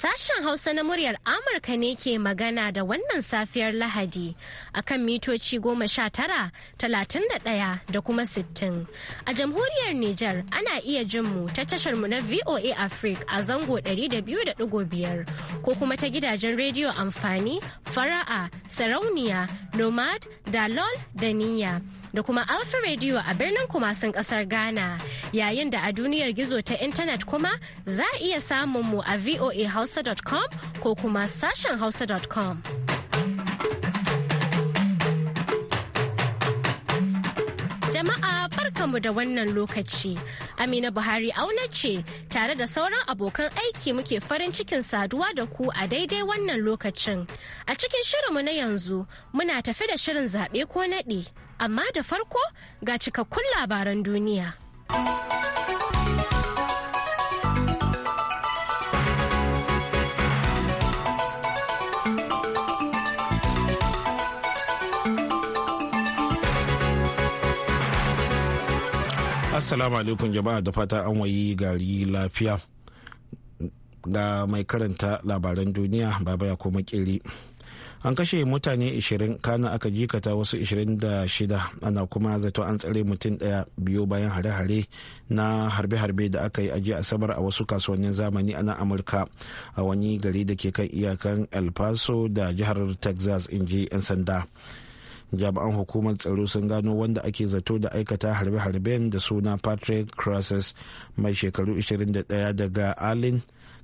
Sashen Hausa na muryar Amurka ne ke magana da wannan safiyar Lahadi a kan mitoci goma sha tara, talatin da ɗaya da kuma sittin. A jamhuriyar Nijar ana iya jin mu ta tashar mu na VOA Africa a zango da da biyu biyar, ko kuma ta gidajen rediyo amfani, fara'a, sarauniya, nomad, dalol da niyya. da kuma Alpha Radio a birnin Kumasin kasar Ghana. Yayin da a duniyar gizo ta intanet kuma za a iya samun mu a voahausa.com ko kuma sashen hausa.com. mu da wannan lokaci. Amina Buhari auna ce tare da sauran abokan aiki muke farin cikin saduwa da ku a daidai wannan lokacin. A cikin shirinmu na yanzu muna tafi da shirin zaɓe ko naɗi, amma da farko ga cikakkun labaran duniya. Assalamu alaikum jama'a da fata an wayi gari lafiya ga mai karanta labaran duniya baba ya kuma kiri. An kashe mutane 20 kana aka jikata wasu 26 ana kuma zato an tsare mutum daya biyo bayan hare-hare na harbe-harbe da aka yi aji asabar a wasu kasuwannin zamani a nan Amurka a wani gari da ke kan iyakan El Paso da jihar Texas in ji 'yan sanda. jami'an hukumar tsaro sun gano wanda ake zato da aikata harbe-harben da suna patrick crosses mai shekaru 21 daga allen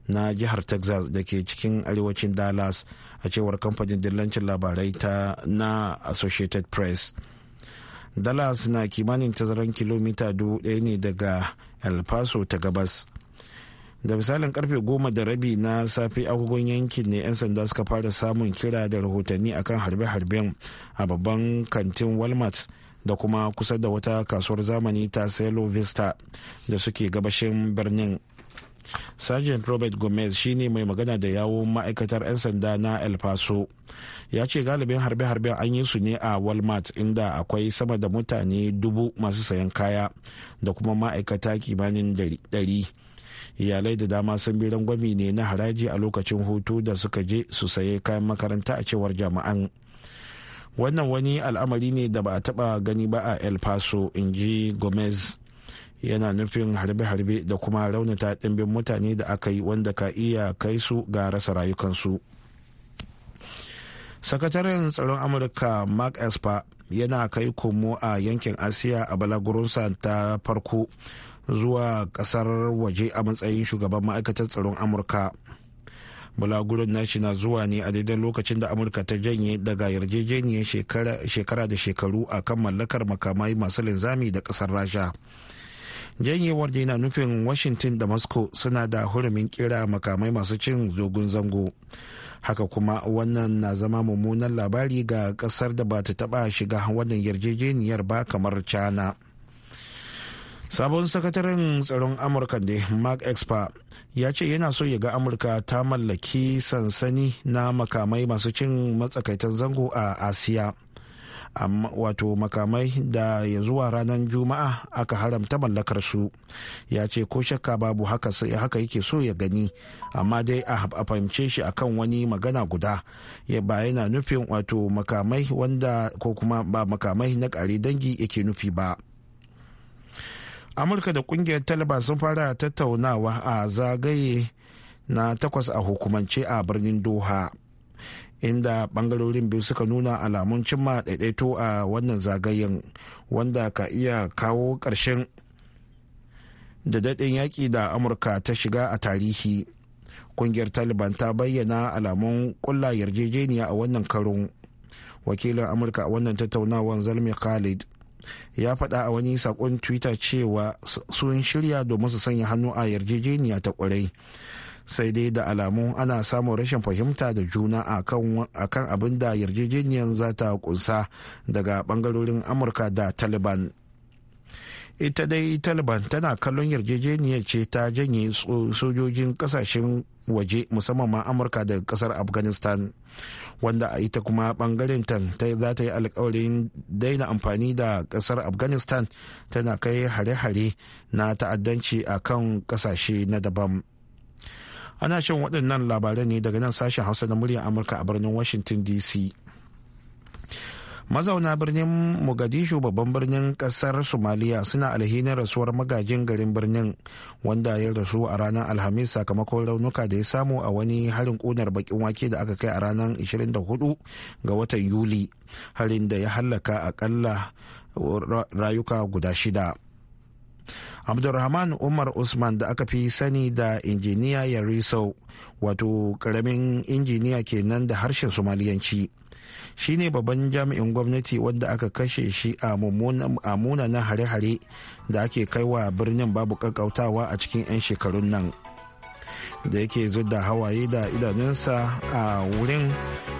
na jihar texas da ke cikin arewacin dallas a cewar kamfanin dillancin labarai ta na associated press dallas na kimanin tazaran kilomita 1 ne daga el paso ta gabas da misalin karfe goma da rabi na safe agogon yankin ne 'yan sanda suka fara samun kira da rahotanni akan harbe-harben a babban kantin walmart da kuma kusa da wata kasuwar zamani ta selo vista da suke gabashin birnin Sergeant Robert Gomez shine mai magana da yawo ma'aikatar 'yan sanda na El Paso. Ya ce galibin harbe-harben an yi su ne a Walmart inda akwai sama da mutane dubu masu sayan kaya da kuma ma'aikata kimanin dari. iyalai da dama sun bi gwami ne na haraji a lokacin hutu da suka je su saye kayan makaranta a cewar jami'an wannan wani al'amari ne da ba a taba gani ba a el paso in ji gomez yana nufin harbe-harbe da kuma raunata ɗimbin mutane da aka yi wanda ka iya kai su ga rasa rayukansu sakataren tsaron amurka mark esper yana kai komo a yankin asiya a balagurunsa ta farko zuwa kasar waje a matsayin shugaban ma'aikatar tsaron amurka bulagurin nashi na zuwa ne a daidai lokacin da amurka ta janye daga yarjejeniyar shekara da shekaru a kan mallakar makamai masu linzami da kasar rasha janyewar da yana nufin washington da moscow suna da hurumin kira makamai masu cin zogun zango haka kuma wannan na zama mummunan labari ga kasar da ba ta taba shiga wannan yarjejeniyar ba kamar china sabon sakataren tsaron amurka ne mark expa ya ce yana so ya ga amurka ta mallaki sansani na makamai masu cin matsakaitan zango a asiya wato makamai da ya zuwa ranar juma'a aka haramta mallakar su ya ce ko shakka babu haka yake so ya gani amma dai a fahimce shi akan wani magana guda ya ba yana nufin wato makamai wanda ko kuma ba makamai na kare dangi yake nufi ba amurka da kungiyar taliban sun fara tattaunawa a zagaye na takwas a hukumance a birnin doha inda bangarorin biyu suka nuna alamun cimma daidaito a wannan zagayen wanda ka iya kawo ƙarshen da daɗin yaƙi da amurka ta shiga a tarihi kungiyar taliban ta bayyana alamun ƙulla yarjejeniya a wannan karon wakilin amurka a wannan tattaunawan zalmi khalid ya faɗa a wani sakon twitter cewa sun shirya domin su sanya hannu a yarjejeniya ta kwarai sai dai da alamu ana samun rashin fahimta da juna a kan abin da yarjejeniyar za ta kunsa daga bangarorin amurka da taliban ita dai taliban tana kallon yarjejeniyar ce ta janye sojojin kasashen waje musamman ma amurka daga kasar afghanistan wanda a ita kuma bangaren tan za ta yi alkawarin daina amfani da kasar afghanistan tana kai hare-hare na ta'addanci a kan kasashe na daban ana shan waɗannan labarai ne daga nan sashen hausa na muryar amurka a birnin washington dc mazauna birnin mogadishu babban birnin kasar somaliya suna alhinin rasuwar magajin garin birnin wanda ya rasu a ranar alhamis sakamakon raunuka da ya samu a wani harin ƙunar bakin wake da aka kai a ranar 24 ga watan yuli harin da ya hallaka akalla rayuka guda shida abdulrahman umar usman da aka fi sani da injiniya yariso wato karamin injiniya kenan da harshen somaliyanci shi ne babban jami'in gwamnati wadda aka kashe shi a munanan hare-hare da ake kaiwa birnin babu kakautawa a cikin 'yan shekarun nan da yake da hawaye da idanunsa a wurin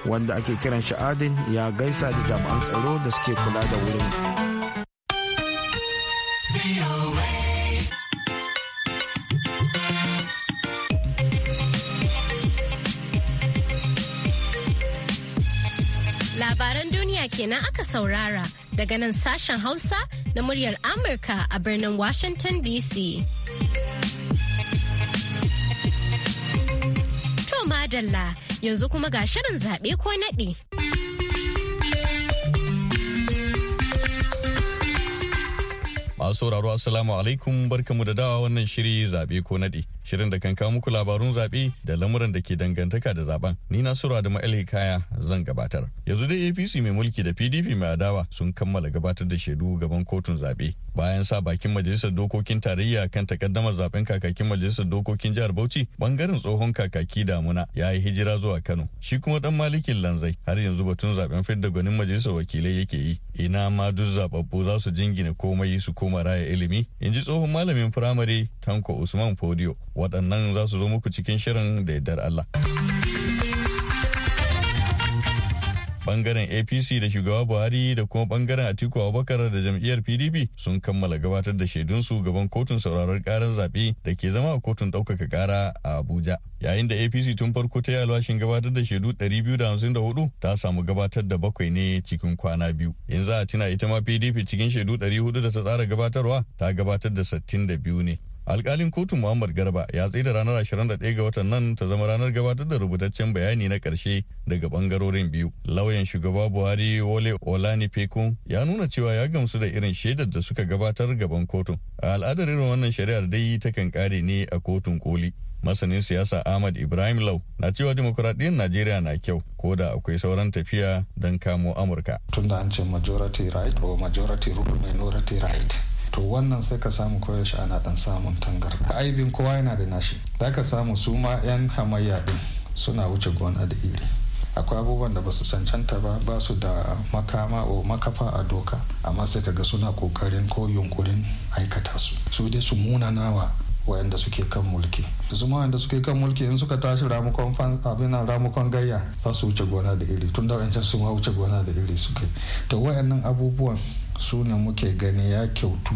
wanda ake kiran shi adin ya gaisa da jami'an tsaro da suke kula da wurin. kenan aka saurara daga nan sashen Hausa na muryar Amurka a birnin Washington DC. To madalla yanzu kuma ga shirin zaɓe ko naɗi. Masu sauraro Assalamu alaikum barkamu da dawa wannan shiri zaɓe ko naɗi. shirin da kan kawo muku labarun zaɓe da lamuran da ke dangantaka da zaben. Ni na Sura da Ma'ali Kaya zan gabatar. Yanzu dai APC mai mulki da PDP mai adawa sun kammala gabatar da shaidu gaban kotun zaɓe. Bayan sa bakin majalisar dokokin tarayya kan takaddamar zaben kakakin majalisar dokokin jihar Bauchi bangaren tsohon kakaki damuna ya yi hijira zuwa Kano. Shi kuma dan malikin Lanzai har yanzu batun zaben fidda gwanin majalisar wakilai yake yi. Ina ma duk zababbu za su jingina komai su koma raya ilimi. In ji tsohon malamin firamare Tanko Usman Fodio. waɗannan za su zo muku cikin shirin da yardar Allah. bangaren apc da shugaba buhari da kuma bangaren atiku abubakar da jam'iyyar pdp sun kammala gabatar da shaidunsu gaban kotun sauraron karar zaɓe da ke zama a kotun ɗaukaka kara a abuja yayin da apc tun farko ta yi alwashin gabatar da shaidu 254 ta samu gabatar da bakwai ne cikin kwana biyu yanzu a tuna ita ma pdp cikin shaidu 400 da ta tsara gabatarwa ta gabatar da 62 ne alkalin kotun muhammad garba ya tsaida da ranar 21 ga watan nan ta zama ranar gabatar da rubutaccen bayani na karshe daga bangarorin biyu lauyan shugaba buhari wole olani fekun ya nuna cewa ya gamsu da irin shaidar da suka gabatar gaban kotun a al'adar irin wannan shari'ar dai ta kan kare ne a kotun koli masanin siyasa ahmad ibrahim lau na cewa demokuraɗiyyar najeriya na kyau ko da akwai sauran tafiya don kamo amurka tunda an ce majority right or majority rule minority right to wannan sai ka samu koyaushe ana dan samun tangar aibin kowa yana da nashi za ka samu su ma 'yan hamayya din suna wuce gona da iri akwai abubuwan da basu cancanta ba ba su da makama o makafa a doka amma sai ga suna kokarin ko yunkurin aikata su su dai su munanawa wayanda suke kan mulki su ma wayanda suke kan mulki in suka tashi fan abin ramukon gayya za su wuce gona da iri tun da wayancan su ma wuce gona da iri suke to wayannan abubuwan su ne muke gani ya kyautu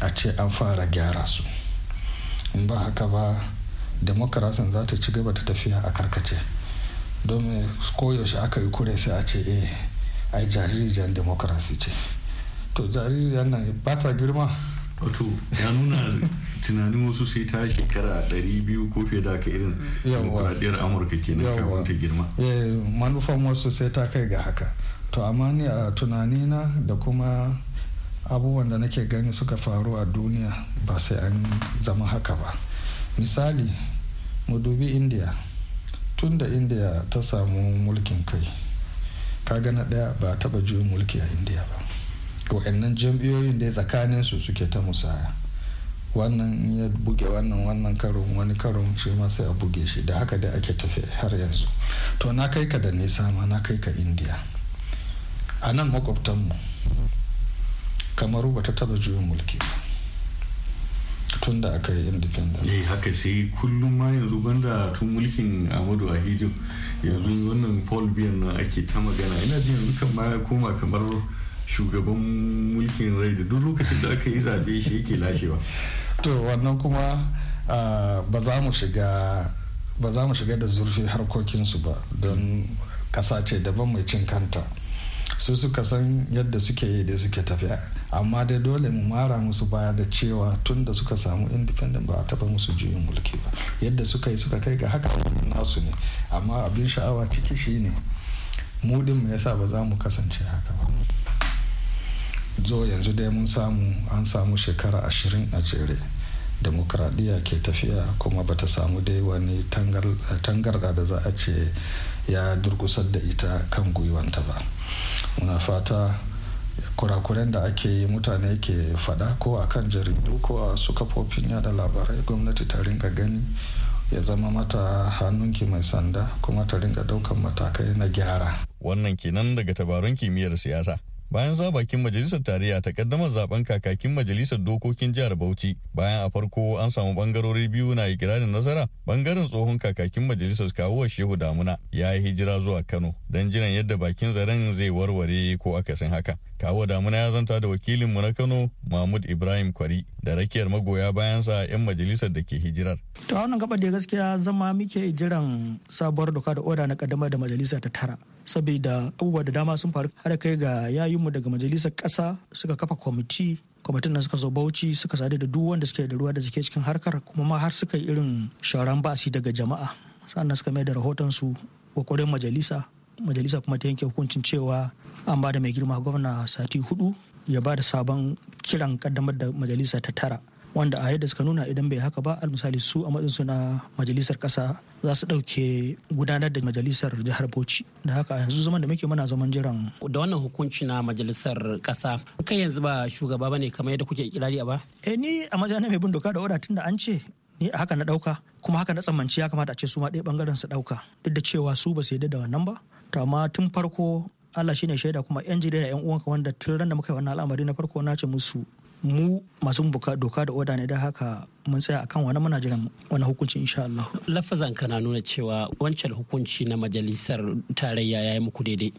a ce an fara gyara su in ba haka ba demokrasin za ta ci gaba ta tafiya a karkace domin koyaushe aka yi kure sai a ce eh ai jaririjan demokrasi ce to jaririjan nan ba ta girma wato ya nuna tunanin wasu sai ta shekara ɗari biyu ko fiye da aka irin demokradiyyar amurka ke na kawon ta girma eh, manufan wasu sai ta kai ga haka to amma ni a tunanina da kuma abubuwan da nake gani suka faru a duniya ba sai an zama haka ba misali mu dubi india tun da india ta samu mulkin kai kaga na daya ba taba juyin mulki a india ba wa'annan jam'iyoyin da tsakanin su suke ta musaya wannan ya buge wannan wannan karo wani karo shi ma sai a buge shi da haka da ake tafi har yanzu to na kai ka da nisa ma na kai ka india a nan makwabtanmu kamar bata taba juyin mulki tun da aka yi independent eh haka sai kullum ma yanzu banda tun mulkin amadu ahijo yanzu wannan paul biyan nan ake ta magana ina ji yanzu kan ma koma kamar shugaban mulkin rai da duk lokacin da aka yi zaɓe shi yake lashewa to wannan kuma ba za mu shiga ba za mu shiga da zurfi harkokinsu ba don kasa ce daban mai cin kanta su suka san yadda suke yi da suke tafiya amma dai dole mu mara musu baya da cewa tun da suka samu independent ba a taba musu juyin mulki ba yadda suka yi suka kai ga haka nasu ne amma abin sha'awa ciki shi ne mu yasa ba za mu kasance haka ba zo yanzu dai mun samu an samu shekara ashirin a jere demokradiyya ke tafiya kuma bata samu dai wani tangarda da za a ce ya durkusar da ita kan gwiwanta ba muna fata kurakuren da ake yi mutane ke fada ko a kan jaridu ko a su kafofin yada labarai gwamnati ta ringa gani ya zama mata hannunki mai sanda kuma ta ringa daukan matakai na gyara wannan kenan daga tabarun kimiyyar siyasa bayan za bakin majalisar tarayya ta kaddama zaben kakakin majalisar dokokin jihar Bauchi bayan a farko an samu bangarori biyu na ikirarin nasara bangaren tsohon kakakin majalisar kawuwa Shehu Damuna ya yi hijira zuwa Kano don jiran yadda bakin zaren zai warware ko akasin haka kawo Damuna ya zanta da wakilinmu na Kano Mahmud Ibrahim Kwari da rakiyar magoya bayan sa 'yan majalisar da ke hijirar. Ta wannan gaba da gaskiya zama muke jiran sabuwar doka da oda na kaddama da majalisa ta tara saboda abubuwa da dama sun faru har kai ga yayi mu daga majalisar ƙasa suka kafa kwamiti kwamitin nan suka zo bauchi suka sadu da duk wanda suke da ruwa da suke cikin harkar kuma ma har suka yi irin sharan basi daga jama'a sannan suka mai da rahoton su kokarin majalisa majalisa kuma ta yanke hukuncin cewa an ba da mai girma gwamna sati hudu ya ba da sabon kiran kaddamar da majalisa ta tara wanda a yadda suka nuna idan bai haka ba misali su a su na majalisar kasa za su dauke gudanar da majalisar jihar bauchi da haka yanzu zaman da muke mana zaman jiran da wannan hukunci na majalisar kasa kai yanzu ba shugaba bane kamar yadda kuke kirari a ba eh ni a majalisa mai bin doka da oda tunda an ce ni a haka na dauka kuma haka na tsammanci ya kamata a ce su ma ɗaya bangaren su dauka. duk da cewa su ba su yadda da wannan ba to amma tun farko Allah shine shaida kuma yan da yan uwanka wanda tun ran da muka yi wannan al'amari na farko na ce musu mu masu buka doka da oda ne da haka mun tsaya akan wani muna jiran wani hukunci insha Allah. Lafazan kana nuna cewa wancan hukunci na majalisar tarayya ya yi muku daidai.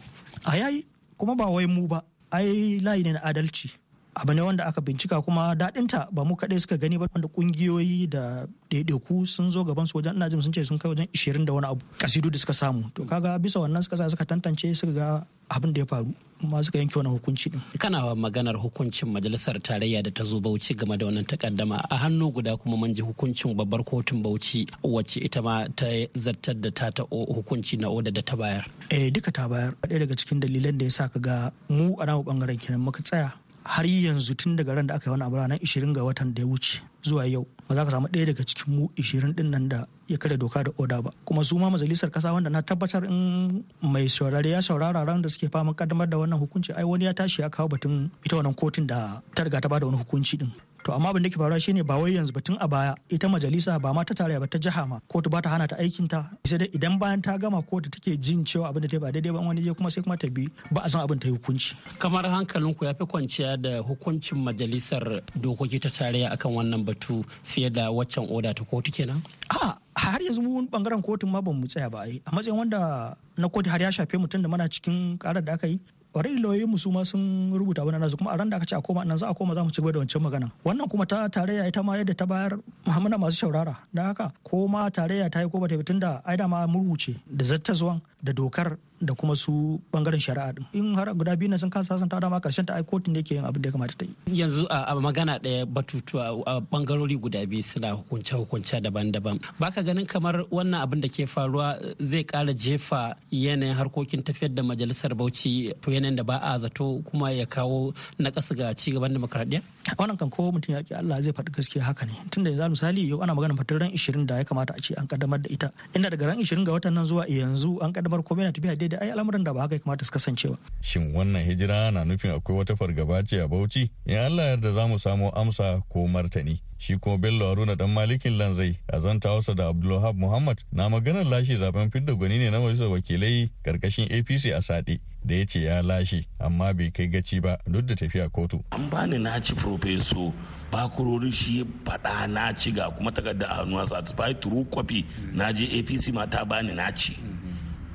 A yayi kuma ba wai mu ba ai layi ne na adalci abu ne wanda aka bincika kuma daɗinta ba mu kaɗai suka gani ba wanda ƙungiyoyi da ɗaiɗaiku sun zo gaban su wajen ina jin sun ce sun kai wajen ishirin da wani abu kasidu da suka samu to kaga bisa wannan suka sa suka tantance suka ga abin da ya faru kuma suka yanke wani hukunci din kana maganar hukuncin majalisar tarayya da ta zo Bauchi game da wannan takaddama a hannu guda kuma mun ji hukuncin babbar kotun Bauchi wacce ita ma ta zartar da ta ta hukunci na oda da ta bayar eh duka ta bayar ɗaya daga cikin dalilan da ya sa ka ga mu a namu bangaren kenan muka tsaya har yanzu tun daga ran da aka yi wani abu ranar 20 ga watan da ya wuce zuwa yau ba za ka samu ɗaya daga cikin mu 20 din nan da ya karya doka da oda ba kuma su ma majalisar kasa wanda na tabbatar in mai saurare ya saurara ran da suke fama kaddamar da wannan hukunci ai wani ya tashi ya kawo batun ita wannan kotun da ta riga ta bada wani hukunci din to amma abin da ke faruwa shine ba wai yanzu batun a baya ita majalisa ba ma ta tarayya ba ta jiha ma kotu ba ta hana ta aikin ta sai dai idan bayan ta gama kotu take jin cewa abin da ta ba daidai ba wani je kuma sai kuma ta bi ba a san abin ta yi hukunci kamar hankalin ku ya fi kwanciya da hukuncin majalisar dokoki ta tarayya akan wannan batu fiye da waccan oda ta kotu kenan a har yanzu mun bangaren kotun ma ban mu tsaya ba a matsayin wanda na kotu har ya shafe mutum da mana cikin karar da aka yi already lauyoyin mu su ma sun rubuta wani nasu kuma a ran da aka ce a koma nan za a koma za mu ci gaba da wancan magana wannan kuma ta tarayya ita ma yadda ta bayar muhammadu masu shaurara da haka ko ma tarayya ta yi ko bata tunda ai da ma murwuce da zattaswan da dokar da kuma su bangaren shari'a din in har guda biyu na sun kasa sasanta dama karshen ta ai kotun ne ke yin abin da ya kamata ta yi yanzu a magana daya batutu a bangarori guda biyu suna hukunce hukunce daban-daban baka ganin kamar wannan abin da ke faruwa zai kara jefa yanayin harkokin tafiyar da majalisar bauchi to yanayin da ba a zato kuma ya kawo nakasu ga cigaban demokradiyya wannan kan kowa mutum ya ki Allah zai faɗi gaskiya haka ne tunda yanzu misali yau ana magana fatan ran 20 da ya kamata a ce an kaddamar da ita inda daga ran 20 ga watan nan zuwa yanzu an kaddamar komai na tafiya da ai al'amuran da ba haka ya kamata su kasance ba. Shin wannan hijira na nufin akwai wata fargaba ce a Bauchi? In Allah yarda za mu samu amsa ko martani. Shi kuma Bello Haruna dan Malikin Lanzai a zanta wasa da Abdulwahab Muhammad na maganar lashe zaben fidda gwani ne na majalisar wakilai karkashin APC a saɗe. da ya ce ya lashe amma bai kai gaci ba duk da tafiya kotu. An bani na ci profeso bakurori shi faɗa na ci ga kuma takarda a hannu sati satisfied true copy na je APC ma ta bani na ci.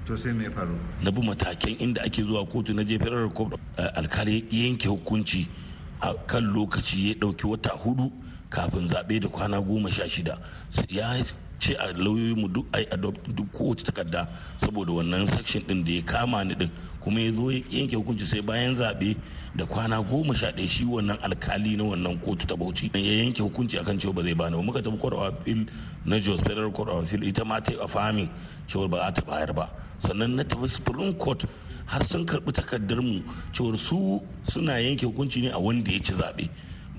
to sai me faru na bi matakan inda ake zuwa kotu na je federal eh, alkali yanke hukunci a kan lokaci ya dauki wata hudu kafin zaɓe da kwana goma sha shida ya ce a lauyoyinmu duk ai adopt duk kowace takarda saboda wannan section din da ya kama ni din kuma ya zo ya yanke hukunci sai bayan zaɓe da kwana goma sha ɗaya shi wannan alkali na wannan kotu ta bauchi ya yanke hukunci akan cewa ba zai bani ba muka tafi court of appeal na jos federal court of appeal ita ma ta yi afami cewa ba za ta bayar ba sannan na tafi supreme court har sun karɓi takardar mu cewa su suna yanke hukunci ne a wanda ya ci zaɓe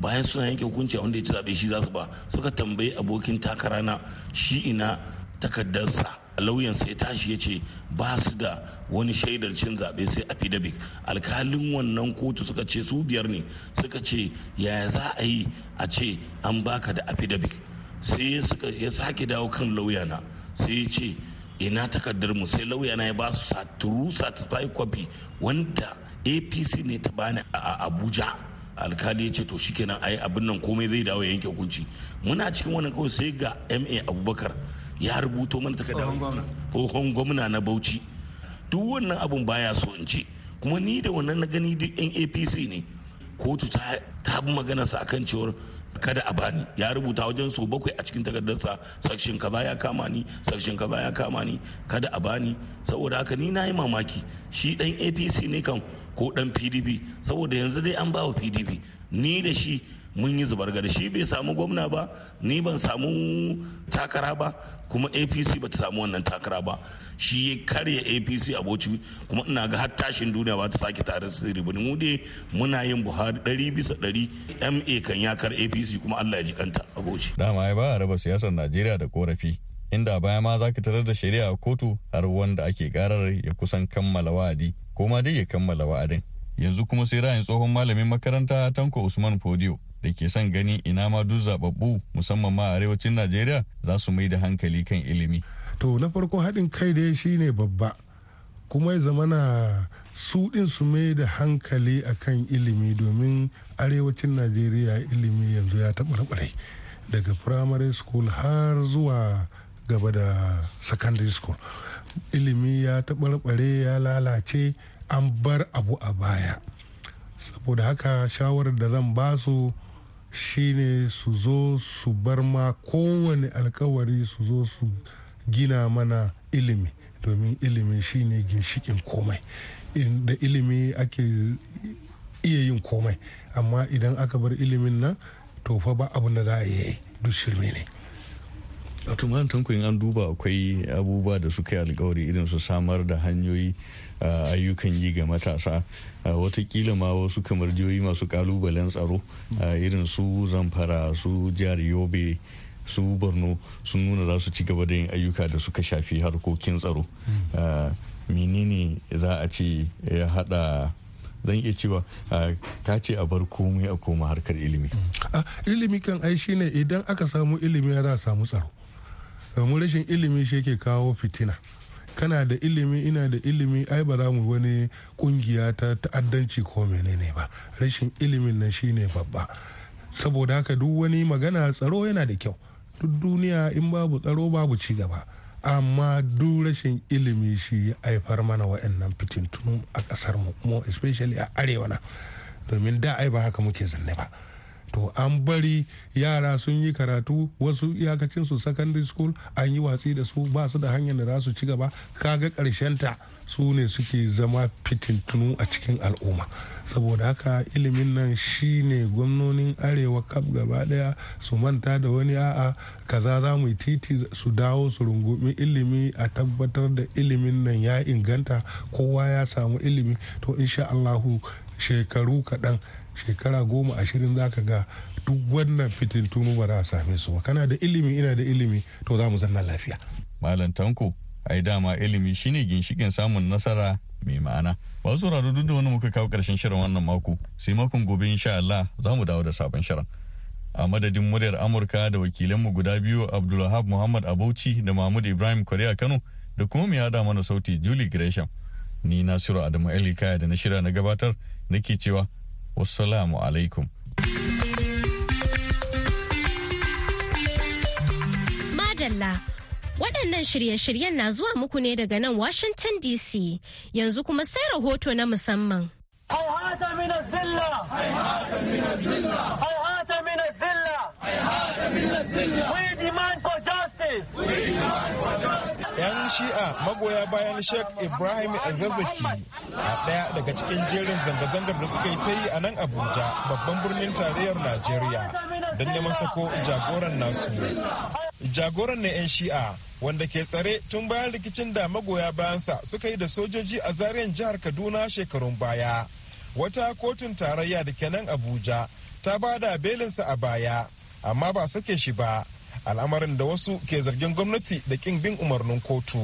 bayan suna yanke hukunci a wanda ya ci zaɓe shi za su ba suka tambayi abokin takara na shi ina takardarsa lauyansa ya tashi ya ce ba su da wani shaidar cin zaɓe sai affidavit alkalin wannan kotu suka ce su biyar ne suka ce yaya za a yi a ce an baka da affidavit sai ya sake dawo kan lauyana sai ya ce ina takardar mu sai lauyana ya ba su true satisfied copy wanda apc ne ta bani a abuja alkali ya ce to shikenan ayi abin nan komai zai dawo yanke hukunci muna cikin wannan kawai sai ga ma abubakar ya rubuto mana takardar tsohon gwamna na bauchi duk wannan abun baya so in ce kuma ni da wannan na gani duk yan apc ne kotu ta bi maganarsa akan cewar kada a bani ya rubuta wajen so bakwai a cikin takardarsa sakshin kaza ya kama ni sakshin kaza ya kama ni kada a bani saboda haka ni na yi mamaki shi dan apc ne kan ko dan pdp saboda yanzu dai an bawa pdp ni da shi mun yi zubar gari shi bai samu gwamna ba ni ban samu takara ba kuma apc ba ta samu wannan takara ba shi ya karya apc a boci kuma ina ga har tashin duniya ba ta sake tare sirri ba mu dai muna yin buhari ɗari bisa ɗari ma kan yakar apc kuma allah ya ji kanta boci dama ya ba a raba siyasar najeriya da korafi inda baya ma za ka tarar da shari'a a kotu har wanda ake karar ya kusan kammala wa'adi ko ma dai ya kammala wa'adin yanzu kuma sai ra'ayin tsohon malamin makaranta tanko usman fodio da ke son gani ina ma duk zababbu musamman ma arewacin najeriya za su mai da hankali kan ilimi to na farko haɗin kai da shi ne babba kuma ya zamana su ɗin su mai da hankali akan ilimi domin arewacin najeriya ilimi yanzu ya taɓarɓare daga primary school har zuwa gaba da secondary school ilimi ya taɓarɓare ya lalace an bar abu a baya saboda haka shawarar da zan ba su shine su zo su bar ma kowane alkawari su zo su gina mana ilimi domin ilimi shine ginshikin komai da ilimi ake iya yin komai amma idan aka bar ilimin nan to fa ba abin da za a yi duk shirme ne a tumanin tankoyin an duba akwai abubuwa da suka yi alkawari irin su samar da hanyoyi ayyukan yi ga matasa watakila ma wasu kamar jiyoyi masu kalubalen tsaro irin su zamfara su jihar yobe su borno sun nuna za su ci gaba da yin ayyuka da suka shafi harkokin tsaro menene za a ce ya hada zan iya cewa ka ce a bar komai a koma harkar ilimi ilimi kan ai shine idan aka samu ilimi ya za a samu tsaro mu rashin ilimi shi yake kawo fitina kana da ilimi ina da ilimi ai ba za mu wani kungiya ta ta'addanci ko menene ba rashin ilimin nan shine babba saboda haka duk wani magana tsaro yana da kyau duk duniya in babu tsaro babu ci gaba amma duk rashin ilimi shi ya haifar mana wa'annan fitintunu a kasar mu especially a arewa na domin da ai ba haka muke zanne ba to an bari yara sun yi karatu wasu iyakacin su secondary school an yi watsi da su ba su da hanyar da za su ci gaba kaga ta su ne suke zama fitintunu a cikin al'umma saboda haka ilimin nan shi ne gwamnonin arewa kaf gaba daya su manta da wani a'a kaza za mu titi su dawo su rungumi ilimi a tabbatar da ilimin nan ya inganta kowa ya samu ilimi to insha allahu shekaru kaɗan shekara goma ashirin za ka ga duk wannan fitintunu ba za a same su ba kana da ilimi ina da ilimi to za mu zanna lafiya malam tanko ai dama ilimi shine ginshikin samun nasara mai ma'ana ba su duk da wani muka kawo karshen shirin wannan mako sai makon gobe insha Allah za mu dawo da sabon shirin a madadin muryar amurka da wakilanmu guda biyu abdulwahab muhammad abauchi da mahmud ibrahim korea kano da kuma mai hada mana sauti julie gresham ni nasiru adamu ali kaya da na shirya na gabatar nake cewa wassalamu alaikum madalla Waɗannan shirye-shiryen na zuwa muku ne daga nan Washington DC yanzu kuma sai rahoto na musamman. Yan shi'a magoya bayan Sheikh Ibrahim Azazzaki a ɗaya daga cikin jerin zanga-zangar da suka yi ta yi a nan Abuja babban birnin tarayyar Najeriya don neman sako jagoran nasu. jagoran na 'yan shi'a wanda ke tsare tun bayan rikicin da magoya bayansa suka yi da sojoji a zaren jihar kaduna shekarun baya wata kotun tarayya da kenan abuja ta ba da belinsa a baya amma ba sake shi ba al'amarin da wasu ke zargin gwamnati da kin bin umarnin kotu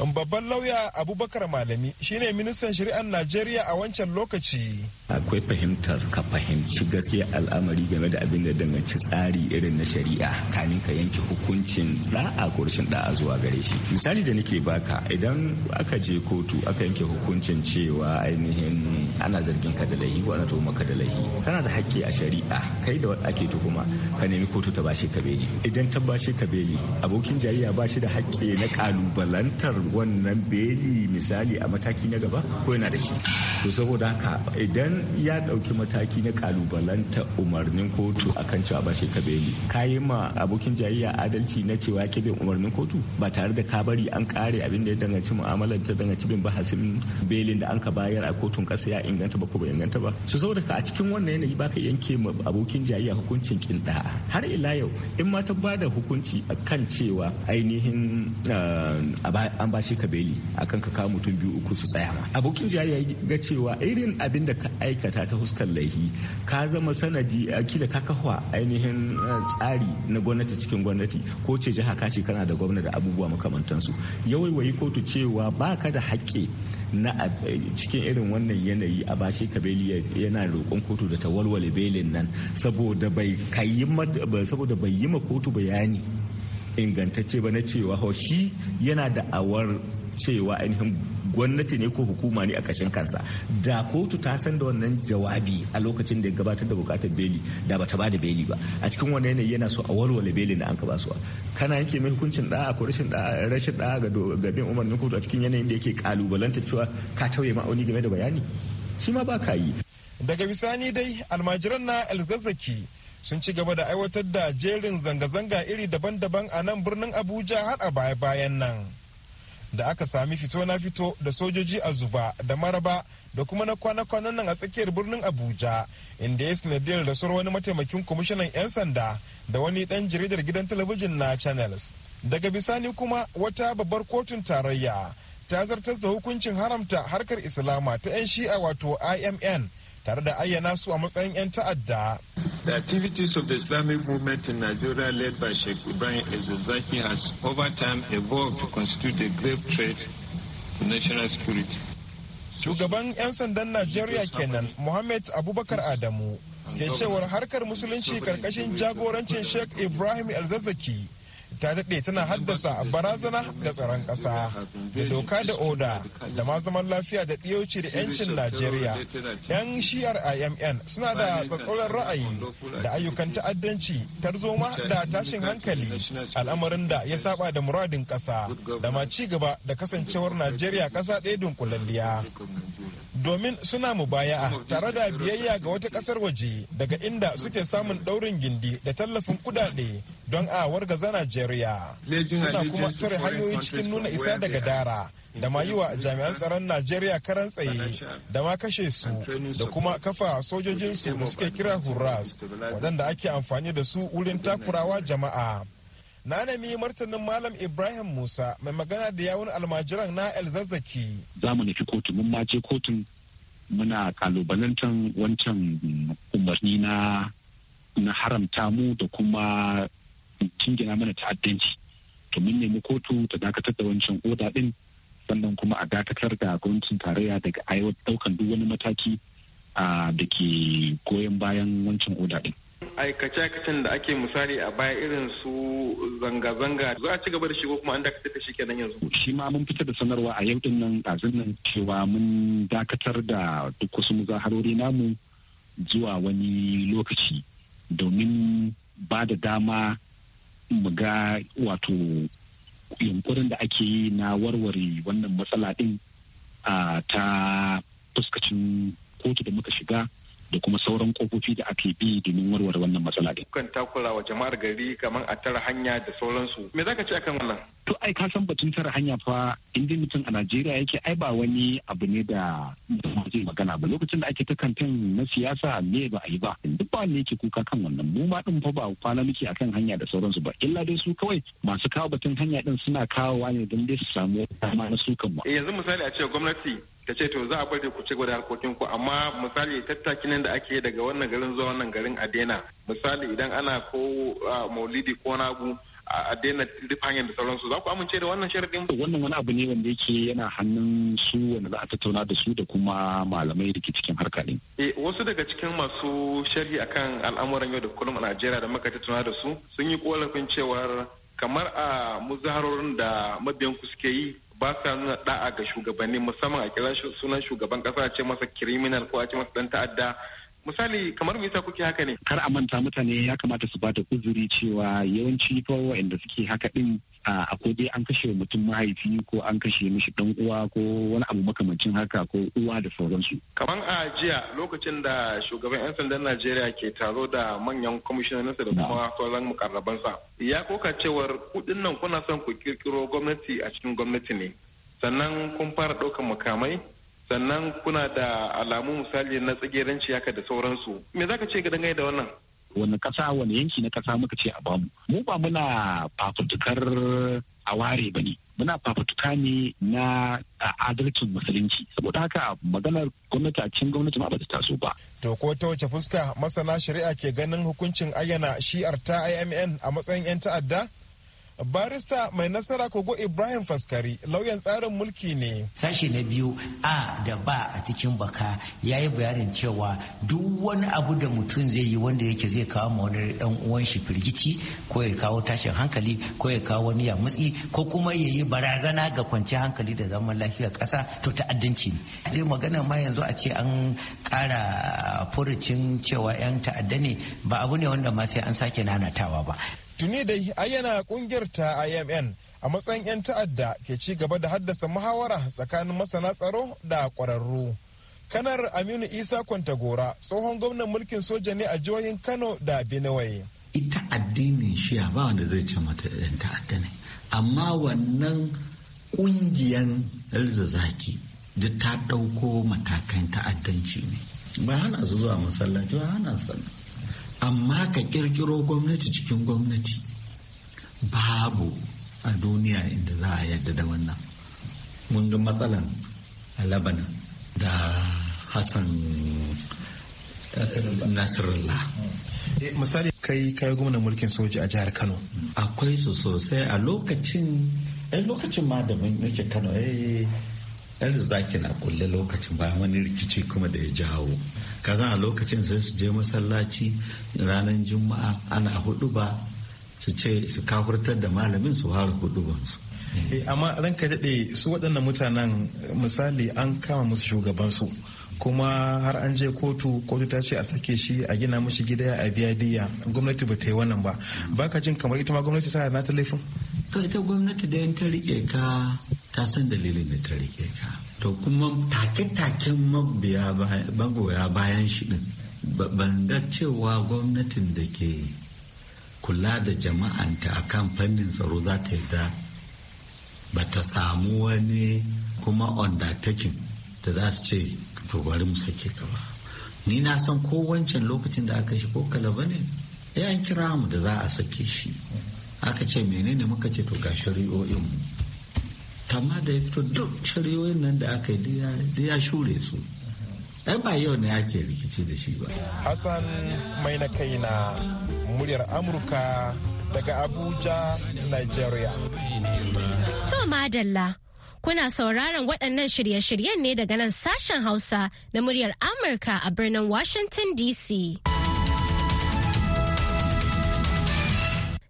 Um, babban lauya abubakar malami shine ministan shari'ar najeriya a wancan lokaci akwai fahimtar ka fahimci gaskiya al'amari game da abin da danganci tsari irin na shari'a kamin ka yanke hukuncin da'a ko rashin da'a zuwa gare shi misali da nake baka idan aka je kotu aka yanke hukuncin cewa ainihin ana zargin ka da laihi ko ana tuhuma ka da laihi kana da haƙƙi a shari'a kai da wanda ake tuhuma ka nemi kotu ta bashi kabeli idan ta ka kabeli abokin jayayya ba shi da haƙƙi na kalubalantar wannan beli misali a mataki na gaba ko yana da shi to saboda haka idan ya ɗauki mataki na kalubalanta umarnin kotu akan cewa ba shi ka beli ka ma abokin jayayya adalci na cewa ke bin umarnin kotu ba tare da ka bari an kare abin da ya danganci mu'amalar ta danganci bin bahasin belin da an ka bayar a kotun kasa ya inganta ba ko ba inganta ba su saboda ka a cikin wannan yanayi baka yanke ma abokin jayayya hukuncin kin har ila yau in ma ta bada hukunci kan cewa ainihin eh, an bashe ka beli akan ka kawo mutum biyu uku su tsaya ma abokin ya ga cewa irin abin da ka aikata ta huskar laifi ka zama sanadi a kila ka kafa ainihin tsari na gwamnati cikin gwamnati ko ce jiha ka ce kana da gwamna da abubuwa makamantansu yawaiwayi kotu cewa ba ka da haƙƙi na cikin irin wannan yanayi a bashe kabeli yana roƙon kotu da ta walwale belin nan saboda bai yi ma kotu bayani ingantacce ba na cewa shi yana da awar cewa ainihin gwamnati ne ko hukuma ne a kashin kansa da kotu ta san da wannan jawabi a lokacin da ya gabatar da bukatar beli da bata da beli ba a cikin wannan yanayi yana so a walwala beli na an ka basuwa kana yake mai hukuncin da'a ko rashin da'a rashin da'a ga gabin umarnin kotu a cikin yanayin da yake kalubalanta cewa ka tauye ma'auni game da bayani shi ma ba ka yi daga bisani dai almajiran na alzazzaki sun ci gaba da aiwatar da jerin zanga-zanga iri daban-daban a nan birnin abuja har a baya-bayan nan da aka sami fito na fito da sojoji a zuba da maraba da kuma na kwana-kwanan nan a tsakiyar birnin abuja inda ya sanadiyar da wani mataimakin kwamishinan 'yan sanda da wani dan jaridar gidan talabijin na channels daga bisani kuma wata babbar kotun tarayya ta zartar da hukuncin haramta harkar islama ta 'yan shi'a wato imn tare da ayyana su a matsayin 'yan ta'adda The activities of the Islamic movement in Nigeria led by Sheikh Ibrahim Ezozaki has over time evolved to constitute a grave threat to national security. Shugaban 'yan sandan Najeriya kenan Mohammed Abubakar Adamu ke cewar harkar musulunci karkashin jagorancin Sheikh Ibrahim Elzazzaki ta daɗe tana haddasa barazana ga tsaron ƙasa da doka da oda da ma zaman lafiya da ɗiyoci da 'yancin najeriya 'yan shiyar imn suna da tsatsauran ra'ayi da ayyukan ta'addanci tarzoma da tashin hankali al'amarin da ya saba da muradin ƙasa da ma ci gaba da kasancewar najeriya ƙasa ɗaya dunkulalliya domin suna mu baya tare da biyayya ga wata kasar waje daga inda suke samun daurin gindi da tallafin kudade don a wargaza Najeriya. Suna kuma tare hanyoyin cikin nuna isa daga dara da ma yi wa jami'an tsaron Najeriya karan tsaye da ma kashe su da kuma kafa sojojinsu da suke kira hurras waɗanda ake amfani da su wurin takurawa jama'a. na nemi martanin malam ibrahim musa mai magana da yawun almajiran na elzazzaki za mu nufi kotu mun ma je kotun muna kalubalantar wancan umarni na na haramta mu da kuma cingina mana ta'addanci to mun nemi kotu ta dakatar da wancan oda din sannan kuma a dakatar da gwamnatin tarayya daga aiwatar daukan duk wani mataki ah, da ke goyon bayan wancan oda din aikace-aikacen da ake misali a baya irin su zanga-zanga za a ci gaba da shigo kuma an dakatar da shi kenan yanzu. Shi ma mun fitar da sanarwa a yau din nan ɗazun nan cewa mun dakatar da duk wasu muzaharori namu zuwa wani lokaci domin ba da dama mu ga wato yunkurin da ake yi na warware wannan matsala din ta fuskacin kotu da muka shiga. da kuma sauran kofofi da ake bi domin warware wannan matsala din. Kan takura wa jama'ar gari kamar a tara hanya da sauransu. Me za ka ce akan wannan? To ai ka san batun tara hanya fa inda mutum a Najeriya yake ai ba wani abu ne da zai magana ba lokacin da ake ta kantin na siyasa me ba a yi ba duk ba ne yake kuka kan wannan mu ma din fa ba kwana muke akan hanya da sauransu ba illa dai su kawai masu kawo batun hanya din suna kawowa ne don dai su samu dama na su kan eh, Yanzu misali a ce gwamnati ta ce to za a bari ku ci gaba da harkokin ku amma misali tattakin nan da ake daga wannan garin zuwa wannan garin a daina misali idan ana ko maulidi ko na abu a daina duk hanyar da sauransu za ku amince da wannan sharadin wannan wani abu ne wanda yake yana hannun su wanda za a tattauna da su da kuma malamai da ke cikin harka ɗin. Eh, wasu daga cikin masu sharhi akan al'amuran yau da kullum a Najeriya da muka tattauna da su sun yi ƙorafin cewar kamar a muzaharorin da mabiyan ku suke yi ba sa nuna da'a ga shugabanni musamman a kira sunan shugaban kasa a ce masa criminal ko a ce masa dan ta'adda misali kamar me yasa kuke haka ne kar a manta mutane ya kamata su bada uzuri cewa yawanci fa waɗanda suke haka din A ko dai an kashe mutum mahaifi ko an kashe mishi dan uwa ko wani abu makamancin haka ko uwa da sauransu. Kaman a jiya lokacin da shugaban 'yan sandan Najeriya ke taro da manyan kwamishinansa da kuma sauran mukarrabansa. Ya koka cewar kudin nan kuna son ku kirkiro gwamnati a cikin gwamnati ne. Sannan kun fara ɗaukan mukamai sannan kuna da alamu misali na tsageranci haka da sauransu. Me zaka ce ga dangane da wannan? wani kasa wani yanki na kasa muka ce a bamu mu ba muna fafutukar a ware ba ne muna fafutuka ne na adalcin musulunci saboda haka maganar gwamnati a cikin gwamnati ma ba ta taso ba to ko ta wace fuska masana shari'a ke ganin hukuncin ayyana shi'ar ta IMN a matsayin 'yan ta'adda barista mai nasara kogo ibrahim faskari lauyan tsarin mulki ne Sashi na biyu a da ba a cikin baka ya yi bayanin cewa duk wani abu da mutum zai yi wanda yake zai kawo ma wani dan uwan shi firgici ko ya kawo tashin hankali ko ya kawo wani ya mutsi ko kuma ya yi barazana ga kwanciyar hankali da zaman lafiyar ƙasa to ta'addanci ne zai magana ma yanzu a ce an kara furucin cewa yan ta'adda ne ba abu ne wanda ma sai an sake nanatawa ba tuni dai ayyana kungiyar ta imn a matsayin 'yan ta'adda ke ci gaba da haddasa muhawara tsakanin masana tsaro da kwararru kanar aminu isa kwantagora tsohon gwamnan mulkin soja ne a jihohin kano da benue ita addinin shiya ba wanda zai ce mata 'yan ta'adda ne amma wannan kungiyan zaki da ta ɗauko matakan ta'addanci ne ba hana su zuwa masallaci ba hana su amma ka kirkiro gwamnati cikin gwamnati babu a duniya inda za a yadda da wannan mun ga matsalan a labanan da hassan nasarallah eh, misali kai kai gwamnan mulkin soji a jihar kano akwai su sosai a lokacin yan eh, lokacin ma da yake kano yan eh, zaki na kulle lokacin bayan wani rikici kuma da ya jawo kazan a lokacin sai su je masallaci ranar juma'a ana hudu ba su ce su kafurtar da malamin su fara hudu ba su eh, amma ranka daɗe su waɗannan mutanen misali an kama musu shugabansu kuma har an je kotu kotu ta ce a sake shi a gina mishi gida a biya diya gwamnati ba ta yi wannan ba baka jin kamar ita ma gwamnati tana na ta laifin to ita gwamnati da ta rike ka ta san dalilin da ta rike ka to kuma take-taken magoya bayan shi din ban ga cewa gwamnatin da ke kula da jama'anta a kan fannin tsaro za ta yi ba ta samu wani kuma undertaking da za su ce to bari mu sake ka ba ni na san ko wancan lokacin da aka shi ko kala ne ya kira mu da za a sake shi aka ce menene muka ce to ga shari'o'in mu kama da ya fito duk shari'o'in nan da aka yi da ya shure su ai ba yau ne ake rikici da shi ba hassan mai na kai na muryar amurka daga abuja nigeria to madalla kuna sauraron waɗannan shirye-shiryen ne daga nan sashen hausa na muryar amurka a birnin washington dc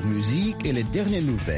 musique et les dernières nouvelles.